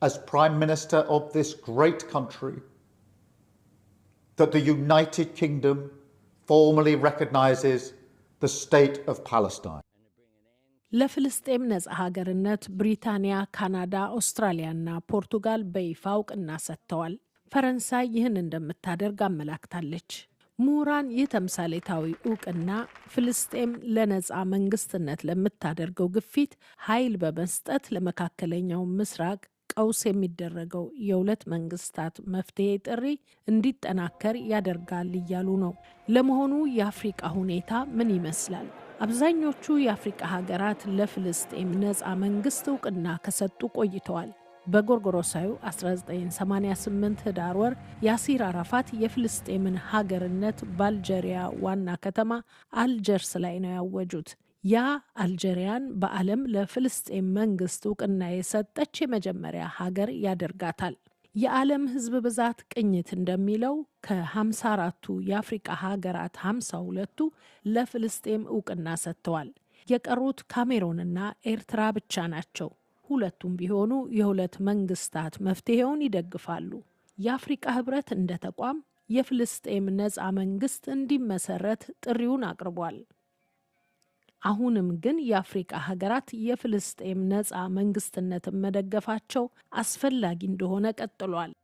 as Prime Minister of this great country that the United Kingdom formally recognises the state of Palestine. ለፍልስጤም ነጻ ሀገርነት ብሪታንያ፣ ካናዳ፣ አውስትራሊያና ፖርቱጋል በይፋ እውቅና ሰጥተዋል። ፈረንሳይ ይህን እንደምታደርግ አመላክታለች። ምሁራን ይህ ተምሳሌታዊ እውቅና ፍልስጤም ለነጻ መንግስትነት ለምታደርገው ግፊት ኃይል በመስጠት ለመካከለኛው ምስራቅ ቀውስ የሚደረገው የሁለት መንግስታት መፍትሄ ጥሪ እንዲጠናከር ያደርጋል እያሉ ነው። ለመሆኑ የአፍሪቃ ሁኔታ ምን ይመስላል? አብዛኞቹ የአፍሪቃ ሀገራት ለፍልስጤም ነፃ መንግስት እውቅና ከሰጡ ቆይተዋል። በጎርጎሮሳዩ 1988 ህዳር ወር ያሲር አራፋት የፍልስጤምን ሀገርነት በአልጀሪያ ዋና ከተማ አልጀርስ ላይ ነው ያወጁት። ያ አልጄሪያን በዓለም ለፍልስጤም መንግስት እውቅና የሰጠች የመጀመሪያ ሀገር ያደርጋታል። የዓለም ህዝብ ብዛት ቅኝት እንደሚለው ከ54ቱ የአፍሪቃ ሀገራት 52ቱ ለፍልስጤም እውቅና ሰጥተዋል። የቀሩት ካሜሮንና ኤርትራ ብቻ ናቸው። ሁለቱም ቢሆኑ የሁለት መንግስታት መፍትሄውን ይደግፋሉ። የአፍሪቃ ህብረት እንደ ተቋም የፍልስጤም ነፃ መንግስት እንዲመሰረት ጥሪውን አቅርቧል። አሁንም ግን የአፍሪቃ ሀገራት የፍልስጤም ነጻ መንግስትነትን መደገፋቸው አስፈላጊ እንደሆነ ቀጥሏል።